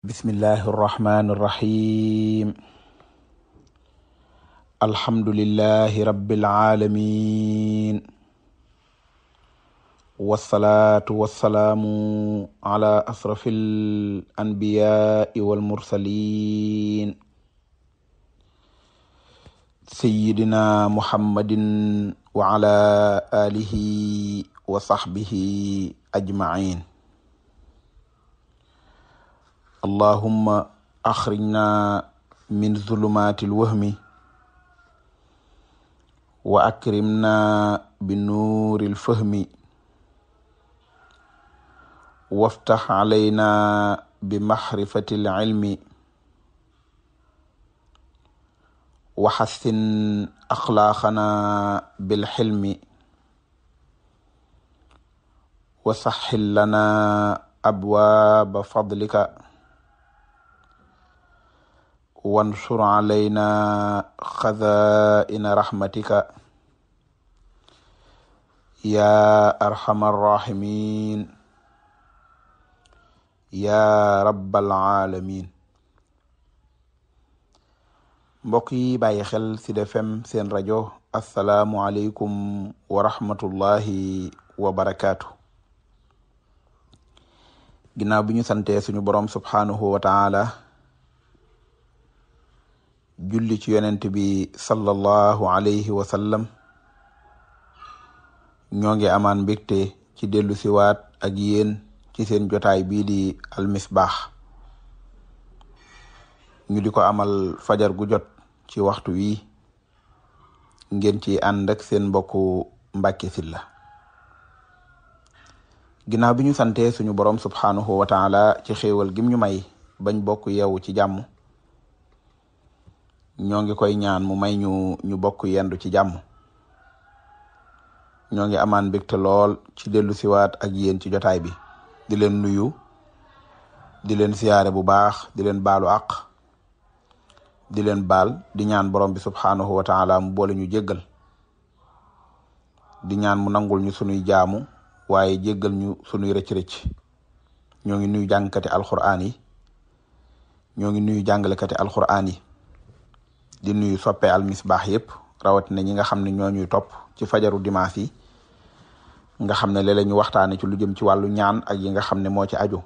bismillahi arrahmani irrahim alhamdulilahi rabbil alamin wassalaatu wassalaamu ala asrafil anbiyai wal mursalin sayyidina muhammadin wa ala alihi wa sahbihi ajmain allahumma axrijna min zulumaati lwahmi wa akrimna bi nuuri lfahmi waftax calayna bi maxrifati lcilmi wa xassin axlaaqana bilxilmi wa saxxil lana abwaaba fadlika wansur alayna xazaina rahmatika ya arhamar rahimin ya rabbal alamin mbokk yi bàyyi xel ci seen rajo assalaamu aleykum wa rahmatullahi wa barakaatu ginnaaw bi ñu santee suñu borom subhaanahu wa julli ci yonent bi sallallahu alayhi wa sallam ñoo ngi amaan mbégte ci dellu siwaat ak yéen ci seen jotaay bii di almisbaax ñu di ko amal fajar gu jot ci waxtu wi ngeen ci ànd seen mbokku Mbàkke Sylla ginnaaw bi ñu sante suñu borom subhaanahu wa taala ci xéewal gim ñu may bañ bokk yeewu ci jàmm ñoo ngi koy ñaan mu may ñu ñu bokk yendu ci jàmm ñoo ngi amaan mbégte lool ci dellu siwaat ak yéen ci jotaay bi di leen nuyu di leen siyaare bu baax di leen baalu àq di leen baal di ñaan borom bi subhaanahu wa mu boole ñu jéggal di ñaan mu nangul ñu sunuy jaamu waaye jéggal ñu sunuy rëcc-rëcc ñoo ngi nuyu jàngkati alxuraan yi ñoo ngi nuyu jàngalekati alxuraan yi di nuyu soppe almisbaax yëpp rawatina ñi nga xam ne ñoo ñuy topp ci fajaru dimanche yi nga xam ne léeg-léeg ñu waxtaane ci lu jëm ci wàllu ñaan ak yi nga xam ne moo ci aju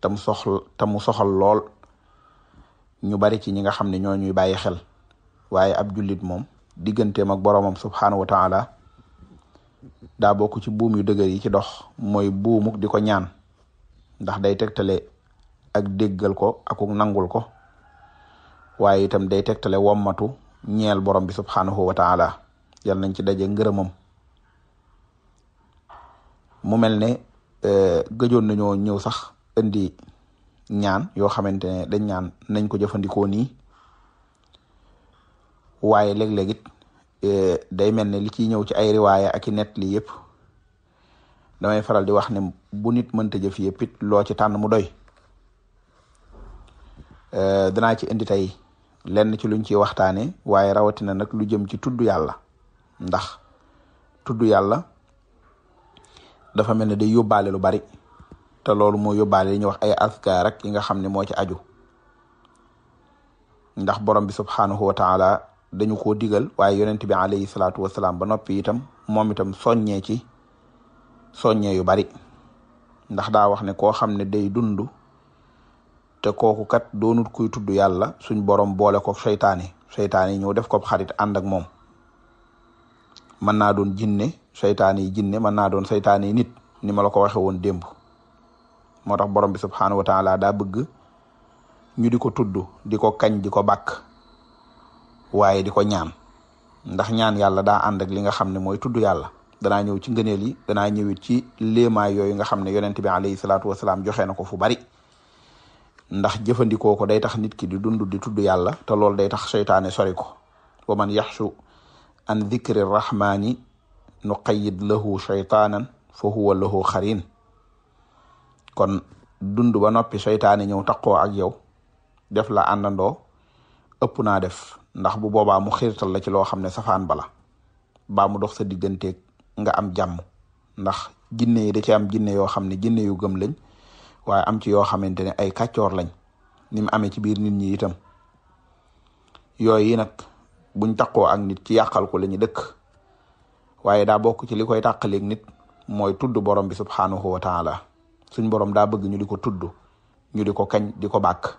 te mu soxal lool ñu bari ci ñi nga xam ne ñoo ñuy bàyyi xel waaye ab jullit moom digganteem ak boromam subhaanahu wa taala daa bokk ci buum yu dëgër yi ci dox mooy buumuk di ko ñaan ndax day tegtale ak déggal ko akuk nangul ko waaye itam day tegtale wommatu ñeel borom bi subhanahu wa taala yal nañ ci daje ngërëmam mu mel ne e, gëjoon nañoo ñëw sax indi ñaan yoo xamante ne dañ ñaan nañ ko jëfandikoo nii waaye léeg-léeg it e, day mel ne li ciy ñëw ci ay riwaaya ak i net lii yëpp damay faral di wax ne bu nit mënta jëf yëpp loo ci tànn mu doy e, danaa ci indi tey lenn ci luñ ciy waxtaane waaye rawatina nag lu jëm ci tudd yàlla ndax tuddu yàlla dafa mel ne day yóbbaale lu bari te loolu moo yóbbaale li ñuy wax ay askar rek yi nga xam ne moo ci aju ndax borom bi subhaanahu wa taala dañu koo digal waaye yonent bi alayhi salaatu wasalaam ba noppi itam moom itam soññee ci soññee yu bari ndax daa wax ne koo xam ne day dund te kooku kat doonut kuy tudd yàlla suñ borom boole ko seytaane seytaane yi ñëw def ko xarit ànd ak moom mën naa doon jinne seytaane yi jinne mën naa doon seytaane nit ni ma la ko waxe woon démb moo tax borom bi subhaanahu wa taala daa bëgg ñu di ko tudd di ko kañ di ko bàkk waaye di ko ñaan ndax ñaan yàlla daa ànd ak li nga xam ne mooy tudd yàlla danaa ñëw ci ngëneel yi danaa ñëwit ci léemaay yooyu nga xam ne yonent bi alayhi salaatu wasalaam joxe na ko fu bari ndax jëfandikoo ko day tax nit ki di dund di tudd yàlla te loolu day tax seytaane sori ko wa man yaxshu an dikri rahmaani nuqayyid lahu shaytaanan fa huwa lahu xarin kon dund ba noppi seytaane ñëw taqoo ak yow def la àndandoo ëpp naa def ndax bu boobaa mu xiirtal la ci loo xam ne safaan bala baa mu dox sa digganteeg nga am jàmm ndax jinne yi da ci am jinne yoo xam ne jinne yu gëm waaye am ci yoo xamante ne ay kàccoor lañ ni mu amee ci biir nit ñi itam yooyu nag buñ taqoo ak nit ci yàqal ko la dëkk waaye daa bokk ci li koy tàqaleeg nit mooy tudd borom bi subhanahu wa taala suñ borom daa bëgg ñu di ko tudd ñu di ko kañ di ko bàkk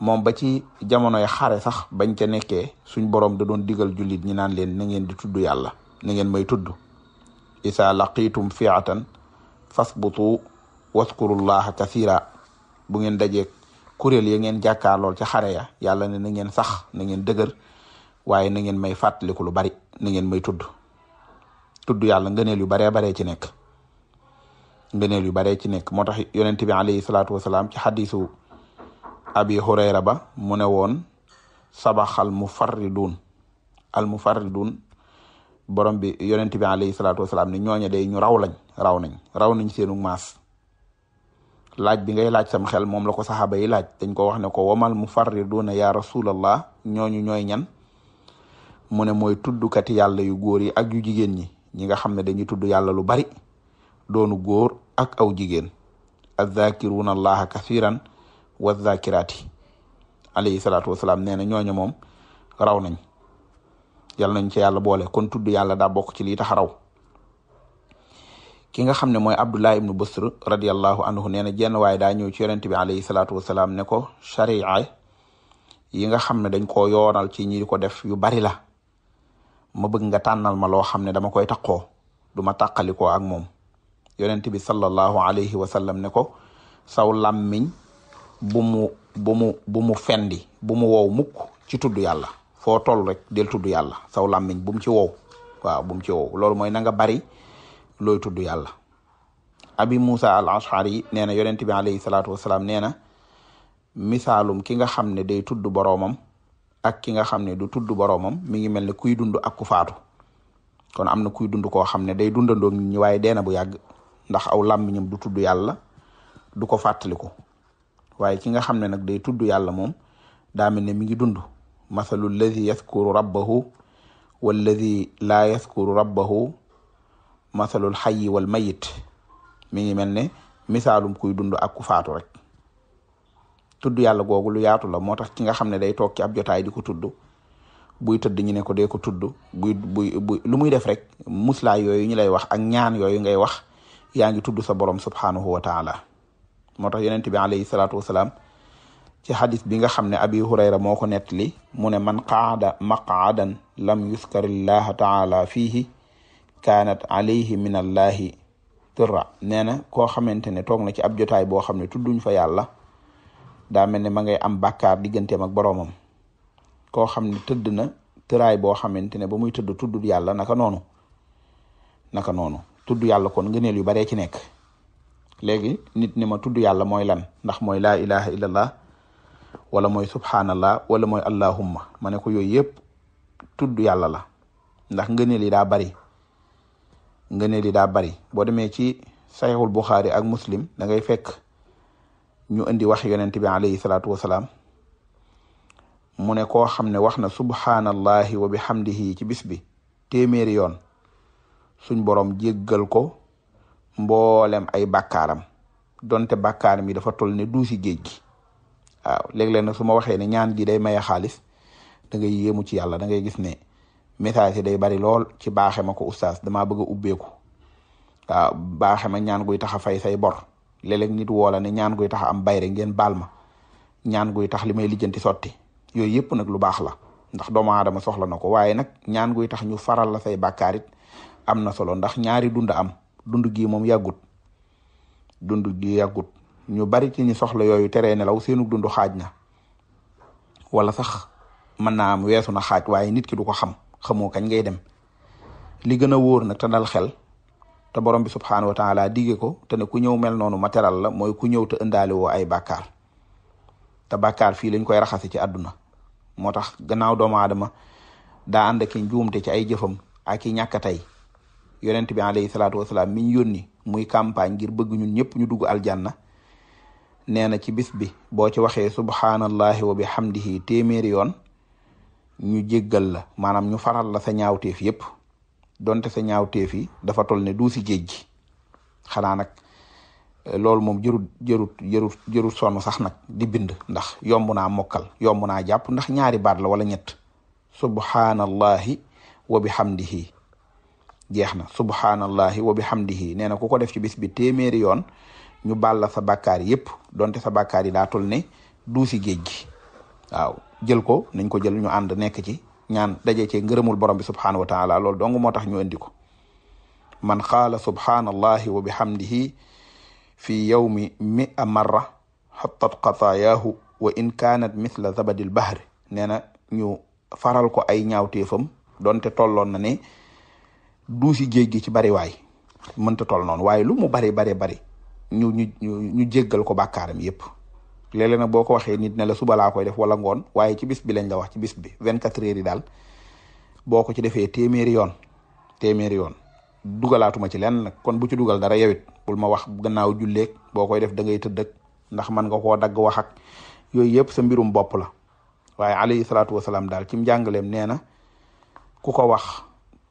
moom ba ci jamonoy xare sax bañ ca nekkee suñ borom da doon digal jullit ñi naan leen na ngeen di tuddu yàlla na ngeen may tudd isa laqitum fiatan fasbutu waskurullaha kasira bu ngeen dajeeg kuréel ya ngeen jàkkaarlool ci xare ya yàlla ne na ngeen sax na ngeen dëgër waaye na ngeen may fàttaliku lu bari na ngeen may tudd tudd yàlla ngëneel yu baree baree ci nekk ngëneel yu baree ci nekk moo tax yonent bi alayhi salaatu wasalaam ci xadisu abi hurayra ba mu ne woon sabax al mufarridun al mufarridun borom bi yonent bi alayhi salaatu wasalaam ne ñooña day ñu raw lañ raw nañ raw nañ seenu maas laaj bi ngay laaj sam xel moom la ko saxaaba yi laaj dañ ko wax ne ko wamal mufarriduuna ya rasulallah ñooñu ñooy ñan mu ne mooy tuddkati yàlla yu góor yi ak yu jigéen ñi ñi nga xam ne dañuy tudd yàlla lu bari doonu góor ak aw jigéen azzakiruna allaha kathiran wa zakirati alayhi salaatu wasalaam nee na ñooñu moom raw nañ yal nañ ci yàlla boole kon tudd yàlla daa bokk ci lii tax raw ki nga xam ne mooy abdullah ibnu busr radiallahu anhu nee na jenn waaye daa ñëw ci yonente bi alayhi salaatu wasalaam ne ko sharia yi nga xam ne dañ koo yoonal ci ñi ko def yu bari la ma bëgg nga tànnal ma loo xam ne dama koy taqoo du ma ko ak moom yonente bi sallallahu alayhi wa sallam ne ko saw làmmiñ mu bu fendi bu mu wow mukk ci tudd yàlla foo toll rek del tudd yàlla saw làmmiñ bu ci wow waaw bu mu bari looy tudd yàlla abi Moussa al Ashari nee na yonent bi alayhi salaatu wasalaam nee na misaalum ki nga xam ne day tudd boroomam ak ki nga xam ne du tudd boroomam mi ngi mel ne kuy dund ak ku faatu kon am na kuy dund koo xam ne day dundandoo nit ñi waaye deena bu yàgg ndax aw làmmiñam du tudd yàlla du ko fàttaliku waaye ki nga xam ne nag day tudd yàlla moom daa mel ne mi ngi dund masalu lladi yaskuru rabbahu walladi laa yaskuru rabbahu mathalul xayyi wal mayit mi ngi mel ne misaalum kuy dund ak ku faatu rek tudd yàlla googu lu yaatu la moo tax ki nga xam ne day toog ci ab jotaay di ko tudd buy tëdd ñu ne ko ko tudd buy buy buy muy def rek muslaay yooyu ñu lay wax ak ñaan yooyu ngay wax yaa ngi tudd sa borom subhanahu wa taala moo tax yonent bi alayhi salaatu wasalaam ci xadis bi nga xam ne abi hurayra moo ko nettali mu ne man qaada maqaadan lam yuskarillaha taala fiihi kaanat alayhi min allahi tirra nee na koo xamante ne toog na ci ab jotaay boo xam ne tudduñ fa yàlla daa mel ne ma ngay am bàkkaar digganteem ak boroomam koo xam ne tëdd na tëraay boo xamante ne ba muy tëdd tuddul yàlla naka noonu naka noonu tudd yàlla kon ngëneel yu baree ci nekk léegi nit ni ma tudd yàlla mooy lan ndax mooy laa ilaha illallah wala mooy subhanallah wala mooy allahumma ma ne ko yooyu yëpp tudd yàlla la ndax ngëneel yi daa bari ngëneel yi daa bari boo demee ci saxiixul buxaari ak muslim da ngay fekk ñu indi wax yonent bi alayhi salaatu wasalaam mu ne koo xam ne wax na subhaanallahi wa bihamdihi ci bis bi téeméeri yoon suñ borom jéggal ko mboolem ay bakkaaram donte bakkaaram yi dafa toll ne duusi géej gi waaw léeg-léeg nag su ma waxee ne ñaan gi day maye xaalis da ngay ci yàlla da ngay gis ne message yi day bari lool ci baaxe ma ko oustaz damaa bëgg a ubbeeku baaxe ma ñaan guy tax a fay say bor léeg-léeg nit woola ne ñaan guy tax am bayre ngeen baal ma ñaan guy tax li may lijjanti sotti yooyu yëpp nag lu baax la ndax doomu aadama soxla na ko waaye nag ñaan guy tax ñu faral la say bàkkaarit am na solo ndax ñaari dund am dund gii moom yàggut dund gi yàggut ñu bari ci ñu soxla yooyu teree nelaw seenu dundu xaaj na wala sax mën naa am weesu na xaaj waaye nit ki du ko xam xamoo kañ ngay dem li gën a wóor nag te dal xel te borom bi subxanahu wa taala digge ko te ne ku ñëw mel noonu matériel la mooy ku ñëw te ëndaale woo ay bàkkaar te bàkkaar fii lañ koy raxase ci àdduna moo tax gannaaw doomu aadama daa ànd ak i ci ay jëfam ak i ñàkk tey yonent bi alayhi salaatu wasalaam mi ñu yónni muy campagne ngir bëgguñu ñun ñëpp ñu dugg aljanna nee na ci bis bi boo ci waxee subhaanallahi wa bihamdihi téeméeri yoon. ñu jéggal la maanaam ñu faral la sa ñaawteef yépp donte sa ñaawteef yi dafa toll ne duusi géej gi xanaa nag eh, loolu moom jërut jërut jërut jërut sax nag di bind ndax yomb naa mokkal yomb naa jàpp ndax ñaari baat la wala ñett subhaanallahi wa bihamdihi jeex na subhaanallahi wa bihamdihi nee na ku ko def ci bis bi téeméeri yoon ñu baal la sa bàkkaar yépp donte sa bàkkaar yi daa toll ne duusi géej gi waaw jël ko nañ ko jël ñu ànd nekk ci ñaan daje cee ngërëmul borom bi subhaanahu wa taala loolu dong moo tax ñu indi ko man qaala subhaanallahi wa bihamdihi fi yawmi mia marra xattat xataayaahu wa in kaanat mithla zabadil bahri nee na ñu faral ko ay ñaawteefam donte tolloon na ne duusi géej gi ci bari waay mënta toll noonu waaye lu mu bari bari bari ñu ñu ñu jéggal ko bàkkaaram yépp léeg nag boo ko waxee nit ne la suba koy def wala ngoon waaye ci bis bi lañ la wax ci bis bi 24 heures yi daal boo ko ci defee téeméeri yoon téeméeri yoon dugalaatuma ci lenn nag kon bu ci dugal dara yewit bul ma wax gannaaw julleeg boo koy def da ngay tëdd ak ndax man nga koo dagg wax ak yooyu yëpp sa mbirum bopp la waaye alayhi salaatu wasalaam daal ci njàngaleem nee na ku ko wax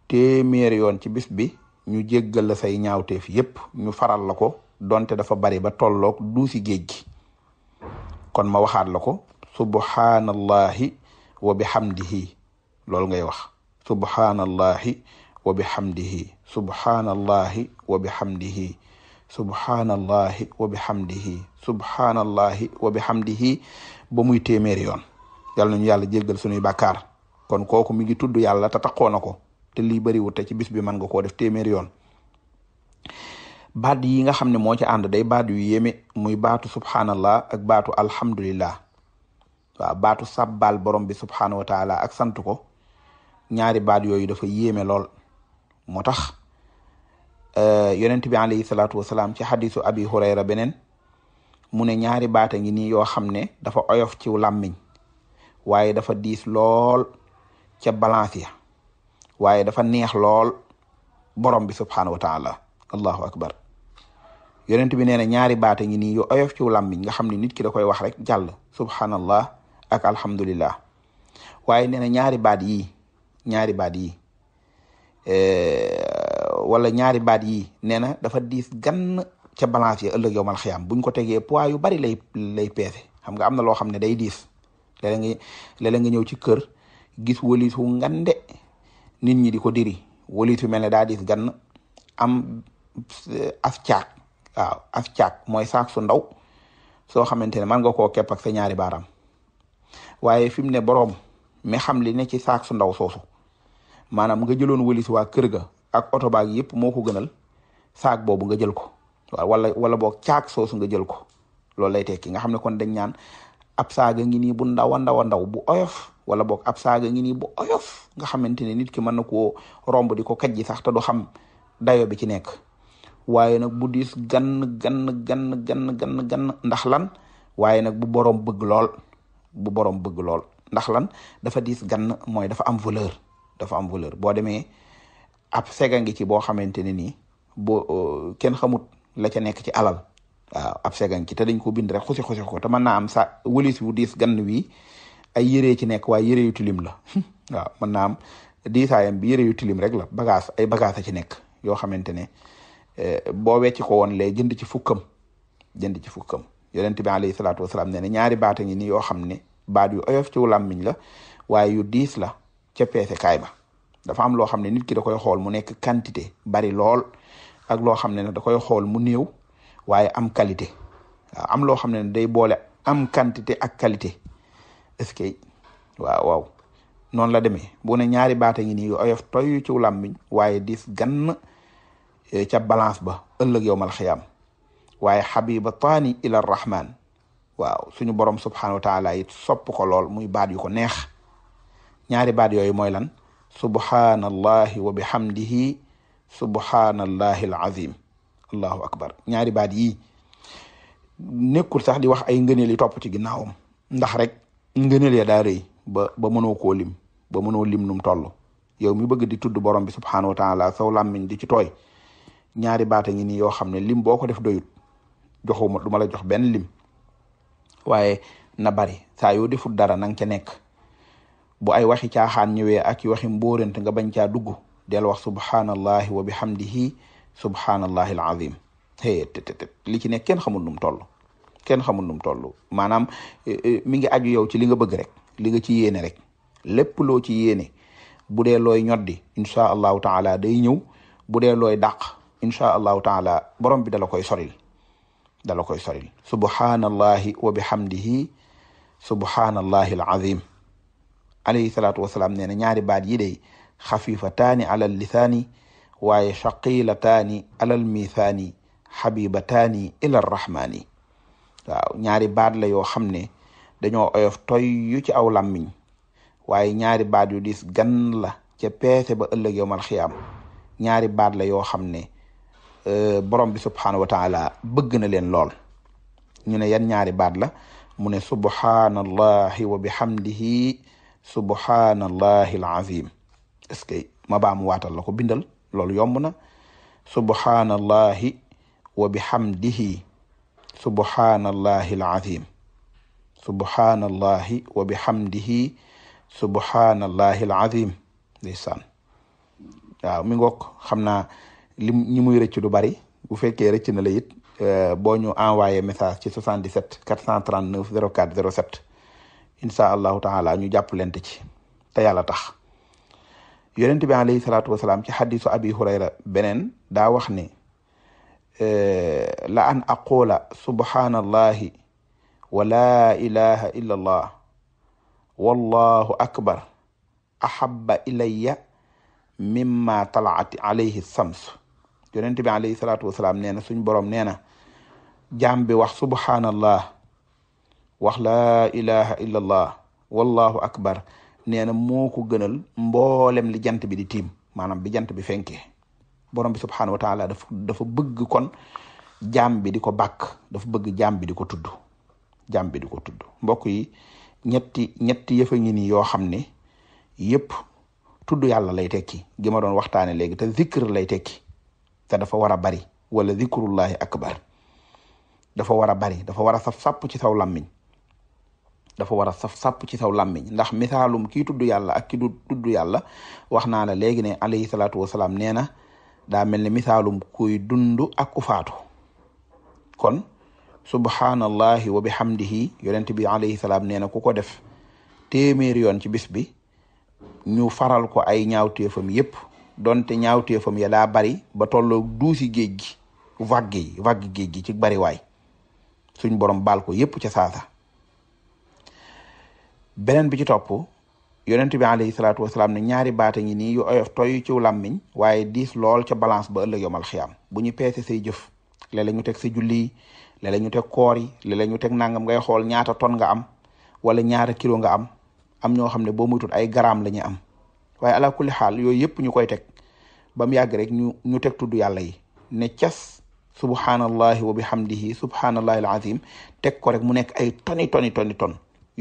téeméeri yoon ci bis bi ñu jéggal la say ñaawteef yëpp ñu faral la ko donte dafa bari ba tolloog duusi géej gi kon ma waxaat la ko subhanallahi wa bihamdihi loolu ngay wax subhanallahi wa bihamdihi subhanallahi wa bihamdihi subhanallahi wa bi subhanallahi wa bihamdihi ba muy téeméeri yoon yal nañu yàlla jéggal sunuy bàkkaar kon kooku mi ngi tudd yàlla te taxoon na ko te lii bëriwut te ci bis bi mën nga koo def téeméeri yoon baat yi nga xam ne moo ci ànd day baat yu yéeme muy baatu subhanallah ak baatu alhamdulillah waaw baatu sabbal borom bi subhanahu wa taala ak sant ko ñaari baat yooyu dafa yéeme lool moo tax euh, yonent bi alayhi salaatu wasalaam ci xadisu abi hurayra beneen mu ne ñaari baata ngi nii yoo xam ne dafa oyof ci làmmiñ waaye dafa diis lool ca balance ya waaye dafa neex lool borom bi subhanahu wa taala allahu akbar yonent bi nee na ñaari baate ngi nii yo oyof ci làmmiñ nga xam ne nit ki da koy wax rek jàll subhanallah ak alhamdulillah waaye nee na ñaari baat yi ñaari baat yi eh, wala ñaari baat yii nee na dafa diis gann ca balance ya ëllëg yowmal xiyaam buñ ko tegee poids yu bari lay lay peese xam nga am na loo xam ne day diis léeg-léeg nga nga ñëw ci kër gis walisu ngande nit ñi di ko diri walisu mel ne daa diis gann am eh, af waaw af caag mooy saak su ndaw soo xamante ne mën nga koo kepp ak sa ñaari baaraam waaye fi mu ne boroom mi xam li ne ci saak su ndaw soosu maanaam nga jëloon wëlis waa kër ga ak oto baag yëpp moo ko gënal saak boobu nga jël ko waaw wala wala boog caag soosu nga jël ko loolu lay tekki nga xam ne kon dañ ñaan ab saaga ngi nii bu ndaw a ndaw a ndaw bu oyof wala boog ab saaga ngi nii bu oyof nga xamante ne nit ki mën na koo romb di ko kajji sax te du xam dayo bi ci nekk waaye nag bu diis gann gann gann gann gann gann ndax lan waaye nag bu borom bëgg lool bu borom bëgg lool ndax lan dafa diis gann mooy dafa am valeur dafa am valeur boo demee ab sega ngi ci boo xamante ne nii boo uh, kenn xamut la ca nekk ci alal waaw ab sega ngi te dañ ko bind rek xusi xusi ko te mën naa am sa wëlis wu diis gann wi ay yëree ci nekk waaye yëree yu tilim la waaw mën naa am yëre yu tilim rek la bagage ay bagage a ci nekk yoo xamante ne Eh, boo wecci ko woon lay jënd ci fukkam jënd ci fukkam yonent bi alayhi salaatu wasalaam nee ñaari baata ngi ni yoo xam ne baat yu oyof ci làmmiñ la waaye yu diis la ca peese ba dafa am loo xam ne nit ki da koy xool mu nekk quantité bari lool ak loo xam ne da koy xool mu néew waaye am qualité am loo xam ne day boole am quantité ak qualité est-ce que waaw la demee bu ñaari baata ngi nii yu oyof toy ci làmmiñ waaye diis gann Eh, ca balance ba ëllëg yow mal xiyaam waaye xabiba taani ila rahman waaw suñu borom subhanahu wa taala it sopp ko lool muy baat yu ko neex ñaari baat yooyu mooy lan subhanallahi wa bihamdihi subhanallahi alazim allahu akbar ñaari baat yi nekkul sax di wax ay ngëneel yi topp ci ginnaawam ndax rek ngëneel ya daa yi ba ba mënoo koo lim ba mënoo lim num toll yow mi bëgg di tudd borom bi subhanahu wa taala saw làmmiñ di ci tooy ñaari baata ngi nii yoo xam ne lim boo ko def doyut joxuma du ma la jox benn lim waaye na bari saa yoo defut dara nang ca nekk bu ay waxi caaxaan ñëwee ak waxi mbóorent nga bañ caa dugg del wax subhanallahi wa bihamdihi subhanallahi alazim hey li ci nekk kenn xamul num toll kenn xamul num toll maanaam eh, eh, mi ngi aju yow ci li nga bëgg rek li nga ci yéene rek lépp loo ci yéene bu dee looy ñoddi insha allahu taala day ñëw bu dee looy dàq inchaa allahu taala borom bi dala koy soril dala koy soril subhaanallahi wa bihamdihi subhaanallahi alazim alayhi salaatu wasalaam nee na ñaari baat yi day xafifataani alal lisaani waaye shaqilataani alal miisaani xabibataani ilal rahmaani waaw ñaari baat la yoo xam ne dañoo oyof toy yu ci aw làmmiñ waaye ñaari baat yu diis gan la ca peese ba ëllëg yowmal xiyaam ñaari baat la yoo xam ne Euh, borom bi subhaanahu wa taala bëgg na leen lool ñu ne yan ñaari baat la mu ne subhaanallahi wa bihamdihi subhaanallahi alazim est-ce que ma baamu waatal la ko bindal loolu yomb na subhaanallahi wa bihamdihi subhaanallahi alazim subhaanallahi wa bihamdihi subhaanallahi alazim lim ñi muy rëcc du bari bu fekkee rëcc na la it euh, boo ñu envoyé message ci 77 439 04 07 incha allahu taala ñu jàpp lente ci te yàlla tax yonent bi alayhi salaatu wasalaam ci xadisu abi hurayra beneen daa wax ne euh, la an aqula subhaanallahi wa ilaha illa allah wallahu akbar ahabba ilayya mimma talaat alayhi samsu yonent bi alayhi salaatu wasalaam nee na suñ borom nee na jaam bi wax subhanallah wax laa ilaha illa allah wallahu akbar nee na moo ko gënal mboolem li jant bi di tiim maanaam bi jant bi fenkee borom bi subhanahu wa taala dafa bëgg kon jaam bi di ko bàkk dafa bëgg jaam bi di ko tudd jaam bi di ko tudd mbokk yi ñetti ñetti yëfa ngi nii yoo xam ni yëpp tudd yàlla lay tekki gi ma doon waxtaane léegi te zikr lay tekki te dafa war a bari wala dikrullahi akbar dafa war a bari dafa war a saf sàpp ci saw làmmiñ dafa war a saf sàpp ci saw làmmiñ ndax misaalum kii tudd yàlla ak ki tudd yàlla wax naa la léegi ne alayhi salaatu wasalaam nee na daa mel ne misaalum kuy dund ak ku faatu kon subhaanallahi wa bihamdihi yonent bi alayhi salaam nee na ku ko def téeméer yoon ci bis bi ñu faral ko ay ñaawteefam yépp donte ñaawteefam ya daa bari ba tolloo duusi géej gi vague yi vague géej gi ci bariwaay suñ borom baal ko yépp ca saasa beneen bi ci topp yonent bi alayhi salaatu wasalaam ne ñaari baata ngi nii yu oyof toy ci làmmiñ waaye diis lool ca balance ba ëllëg yomal xiyaam bu ñu peese say jëf léeg-léeg ñu teg sa julli léeg teg koor yi léeg-léeg ñu teg nangam ngay xool ñaata ton nga am wala ñaata kilo nga am am ñoo xam ne boo muytut ay garam la am waaye ala kulli xaal yooyu yëpp ñu koy teg ba mu yàgg rek ñu ñu teg tudd yàlla yi ne cas subhanallahi wa bihamdihi subhanallahi alazim teg ko rek mu nekk ay toni toni toni ton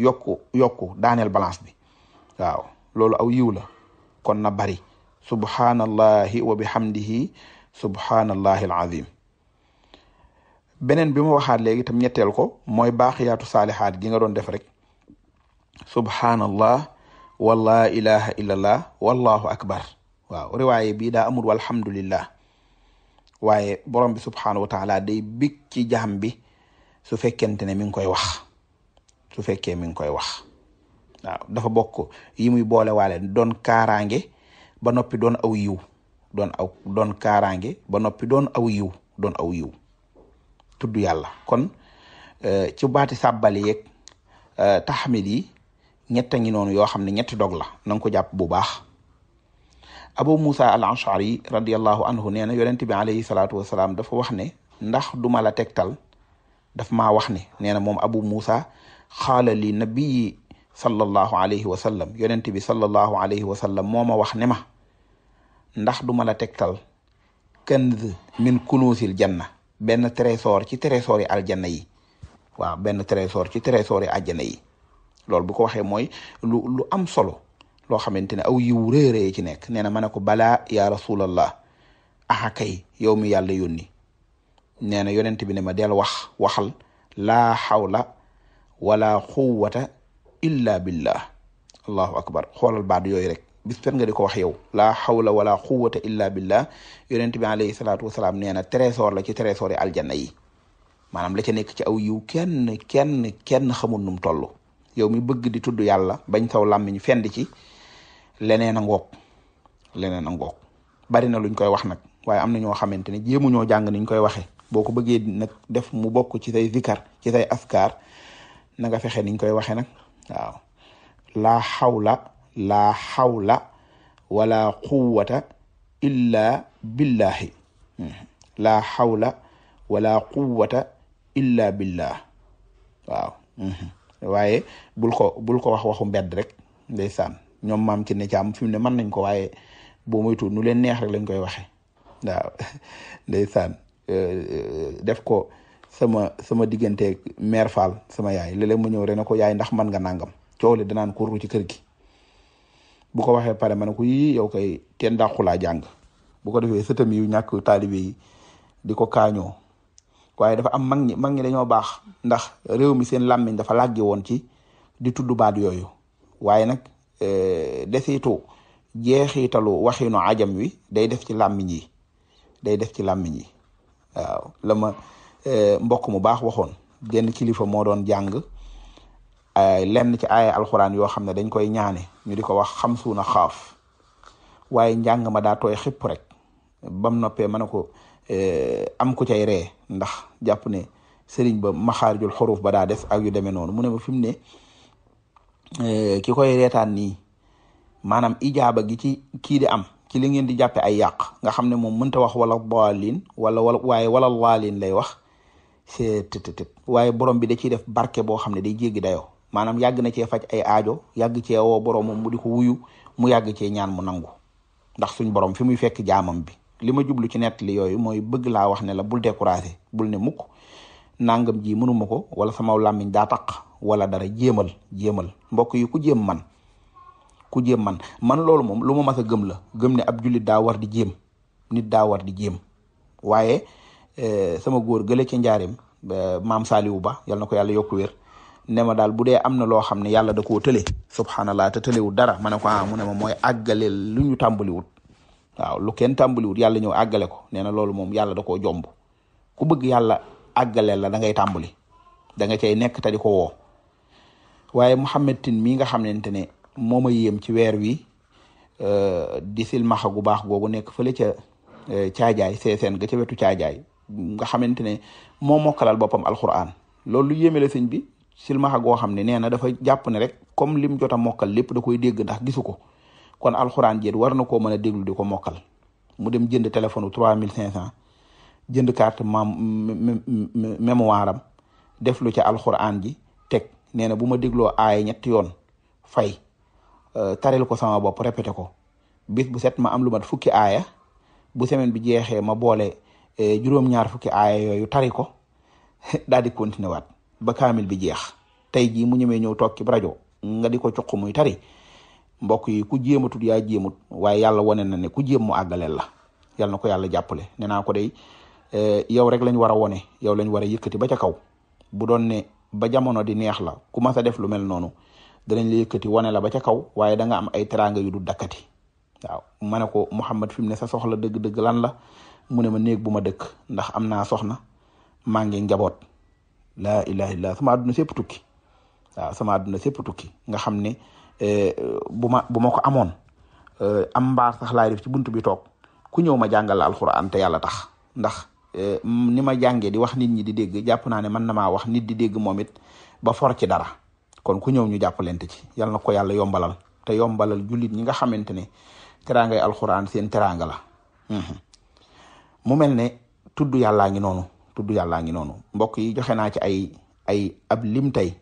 yokku yokku daaneel balance bi waaw loolu aw yiw la kon na bari subhanallahi wa bihamdihi subhanallahi alazim beneen bi ma waxaat léegi tam ñetteel ko mooy baaxiyaatu saalihaat gi nga doon def rek subhanallah wala ilaha illallah wallahu akbar waaw riwaaye bii daa amul walhamdulillah waaye borom bi subhaanahu wa taala day big ci jaam bi su fekkente ne mi ngi koy wax su fekkee mi ngi koy wax waaw dafa bokk yi muy boole doon kaaraange ba noppi doon aw yiw doon aw doon kaaraange ba noppi doon aw yiw doon aw yiw tudd yàlla kon eh, ci baati sàbbali yeeg eh, ñett a ngi noonu yoo xam ne ñetti dog la na ko jàpp bu baax abu musa al ashari radiallahu anhu nee na yonent bi alayhi salaatu wasalaam dafa wax ne ndax duma la tegtal daf maa wax ne nee na moom abu musa xaala li nabii sallallahu alayhi wa sallam yonent bi sallallahu alayhi wa moo ma wax ne ma ndax duma la tegtal kanz min kunuusil janna benn trésor ci trésor yi aljanna yi waaw benn trésor ci trésor yi aljanna yi loolu bu ko waxee mooy lu lu am solo loo xamante ne aw yiw réeree ci nekk nee na ma ne ko balaa yaa rasulallah aha kay yow mi yàlla yónni nee na yonent bi ne ma del wax waxal laa xawla wala quwwata illa billah allahu akbar xoolal baat yooyu rek bis per nga di ko wax yow la xawla wala quwwata illa billah yonent bi alayhi salaatu wasalaam nee na trésor la ci trésor yi aljanna yi maanaam la ca nekk ci aw yiw kenn kenn kenn xamul num toll yow mi bëgg di tudd yàlla bañ saw làmmiñ fend ci leneen a ngoog leneen a ngoog bari na luñ koy wax nag waaye am na ñoo xamante ne jéemuñoo jàng niñ koy waxee boo ko bëggee nag def mu bokk ci say zikar ci say askar nanga fexe niñ koy waxee nag waaw laa xawla laa xawla wala quwwata illa billahi hmm. laa xawla wala quwwata illa billah waaw hmm. waaye bul ko bul ko wax waxu mbedd rek ndeysaan ñoom maam ci ne caam fi mu ne mën nañ ko waaye boo moytu nu leen neex rek lañ koy waxee waaw ndeysaan euh, euh, def ko sama sama digganteeg mère Fall sama yaay léeg-léeg mu ñëw rek ne ko yaay ndax man nga nangam coow li danaan ko ru ci kër gi bu ko waxee pare ma ne ko yii yow kay teen dàqulaa jàng bu ko defee sëtam yu ñàkk taalibe yi di ko kaañoo waaye dafa am mag ñi mag dañoo baax ndax réew mi seen làmmiñ dafa làggi woon ci di tudd baat yooyu waaye nag euh, desitu jeexitalu waxinu ajam wi day def ci làmmiñ yi day def ci làmmiñ yi waaw la euh, mbokk mu baax waxoon genn kilifa moo doon jàng lenn ci aaya alxuraan yoo xam ne dañ koy ñaane ñu di ko wax xam suuna xaaf waaye njàng ma daa tooy xipp rek bam noppee ma ne ko euh, am ku cay ree ndax jàpp ne sëriñ ba maxaarijul xuruf ba daa def ak yu demee noonu mu ne ma fi mu ne eh, ki koy reetaan maanaam ijaaba gi ci kii di am ci li ngeen di jàppe ay yàq nga xam ne moom mënta wax wala daalin wala wala waaye wala laalin lay wax c'est tëtëtët waaye borom bi da ciy def barke boo xam ne day jéggi dayoo maanaam yàgg na cee faj ay yàgg cee woo boromam mu di ko wuyu mu yàgg cee ñaan mu nangu ndax suñ borom fi muy fekk jaamam bi li ma jublu ci nettali yooyu mooy bëgg laa wax ne la bul découragé bul ne mukk nangam ji mënuma ko wala sama làmmiñ daa taq wala dara jéemal jéemal mbokk yi ku jéem man ku jéem man man loolu moom lu ma mas a gëm la gëm ne ab jullit daa war di jéem nit daa war di jéem waaye eh, sama góor gële ca njaarim maam wu Ba yal na ko yàlla yokku wér ne ma daal bu dee am na loo xam ne yàlla da koo tële subhanallah te tëlewul dara ma ne ko ah mu ne ma mooy àggaleel lu ñu tàmbaliwut waaw lu kenn tàmbaliwut yàlla ñëw àggale ko nee na loolu moom yàlla da koo jomb ku bëgg yàlla àggale la da ngay tàmbali da nga cay nekk te di ko woo waaye Mouhamed Tine mii nga xamante ne moo a yéem ci weer wi euh, di silmaxa gu baax googu nekk fële ca euh, caajaay seeseen ga ca wetu caajaay nga xamante ne moo mokkalal boppam alquran loolu lu la sëñ bi silmaxa goo xam ne nee na dafa jàpp ne rek comme lim jot a mokkal lépp da koy dégg ndax gisu ko kon alxuraan jéet war na koo mën a déglu di ko mokkal mu dem jënd téléphone bu 3500 jënd carte mem mémoire am def lu ca alxuraan ji teg nee na bu ma dégloo aay ñetti yoon fay euh, taril ko sama bopp répété ko bis bu set ma am lu mat fukki aaya bu semaine bi jeexee ma boole euh, juróom-ñaar fukki aaya yooyu tari ko daal di continué waat ba kaamil bi jeex tey jii mu ñëmee ñëw toog ci rajo nga di ko cuq muy tari mbokk yi ku jéematul ya jéemut waaye yàlla wane na ne ku jéem mu àggaleel la yàlla na ko yàlla jàppale nee naa ko day eh, yow rek lañ war a wone yow lañ war a yëkkati ba ca kaw bu doon ne ba jamono di neex la ku mas a def lu mel noonu danañ la yëkkati wane la ba ca kaw waaye da nga am ay teraanga yu du dakkati waaw ma ne ko Mouhamed fi mu ne sa soxla dëgg-dëgg lan la mu ne ma néeg bu ma dëkk ndax am naa soxna maa ngi njaboot laa ilaha illallah sama àdduna sépp tukki waaw sama àdduna sépp tukki nga xam ne eh, bu ma bu ma ko amoon eh, am mbaar sax laay ci buntu bi toog ku ñëw ma jàngal la alxuraan te yàlla tax ndax eh, ni ma jàngee di wax nit ñi di dégg jàpp naa ne mën na maa wax nit di dégg moom it ba for ci dara kon ku ñëw ñu jàpp jàppalante ci yal na ko yàlla yombalal te yombalal jullit ñi nga xamante ne teraangay alxuraan seen teraanga mhm. mu mel ne tudd yàllaa ngi noonu tuddu tudd yàllaa ngi noonu mbokk yi joxe naa ci ay ay ab lim tey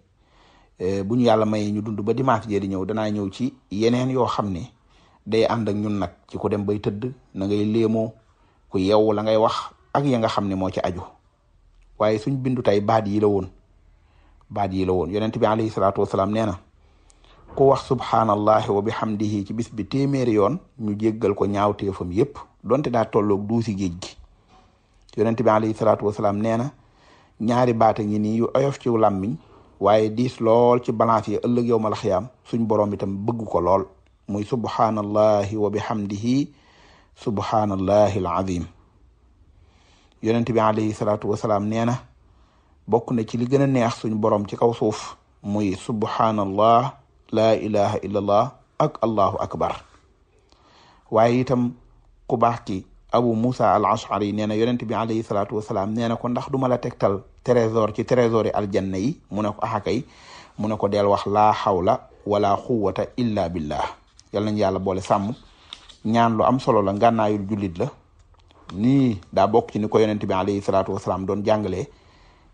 Eh, bu ñu yàlla may ñu dund ba dimanche jee di ñëw danaa ñëw ci yeneen yoo xam ne day ànd ak ñun nag ci ko dem bay tëdd na ngay léemoo ku yeewu la ngay wax ak ya nga xam ne moo ci aju waaye suñ bindu tey baat yi woon baat yi la woon yonent bi alayhi salaatu wasalaam nee na ku wax subhaanallahi wa bihamdihi ci bis bi téeméeri yoon ñu jéggal ko ñaaw téefam donte daa tolloog duusi géej gi yonent bi alayhi salaatu wasalaam nee na ñaari baat a ngi nii yu oyof ci làmmiñ waaye diis lool ci balance yi ëllëg yow mal xiyaam suñ boroom tam bëgg ko lool muy subhaanallahi wa bihamdihi subhaanallahi alazim yonent bi alayhi salaatu wasalaam nee na bokk na ci li gën a neex suñ boroom ci kaw suuf muy subhaanallah laa ilaha illallah ak allahu akbar waaye itam ku baax ki abu musa al ashari nee na yonent bi alayhi salaatu wasalaam nee na ko ndax du ma la tegtal trésor ci trésor yi aljanna yi mu ne ko axakay mu ne ko del wax laa xawla wala quwwata illa billah yal nañu yàlla boole sàmm ñaan lu am solo la ngànnaayul jullit la nii daa bokk ci ni ko yonent bi alayhi salaatu wasalaam doon jàngalee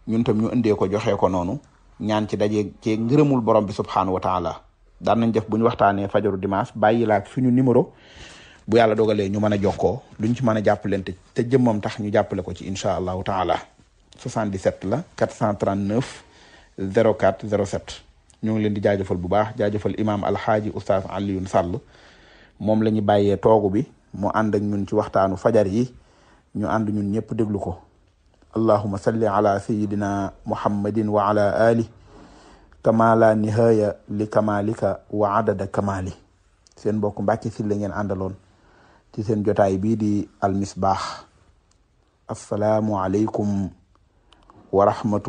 ñun tam ñu indee ko joxee ko noonu ñaan ci daje ci ngërëmul borom bi subhaanahu wa taala daan nañ def bu ñu waxtaanee fajaru dimanche bàyyi laak suñu numéro bu yàlla dogalee ñu mën a jokkoo luñ ci mën a jàppalante te jëmmam tax ñu jàppale ko ci incha allahu taala 77 la 439 04 07 ñu ngi leen di jaajëfal bu baax jaajëfal imaam alxaaji oustaz Alioune sallu moom la ñu bàyyee toogu bi mu ànd ak ñun ci waxtaanu fajar yi ñu ànd ñun ñëpp déglu ko allahuma salli ala sayidina muhammadin wa ala ali kama la nihaya li kamalika wa adada kamali seen mbokku Mbàkke si la ngeen àndaloon ci seen jotaay bii di almisbaax asalaamualeykum wa rahmatu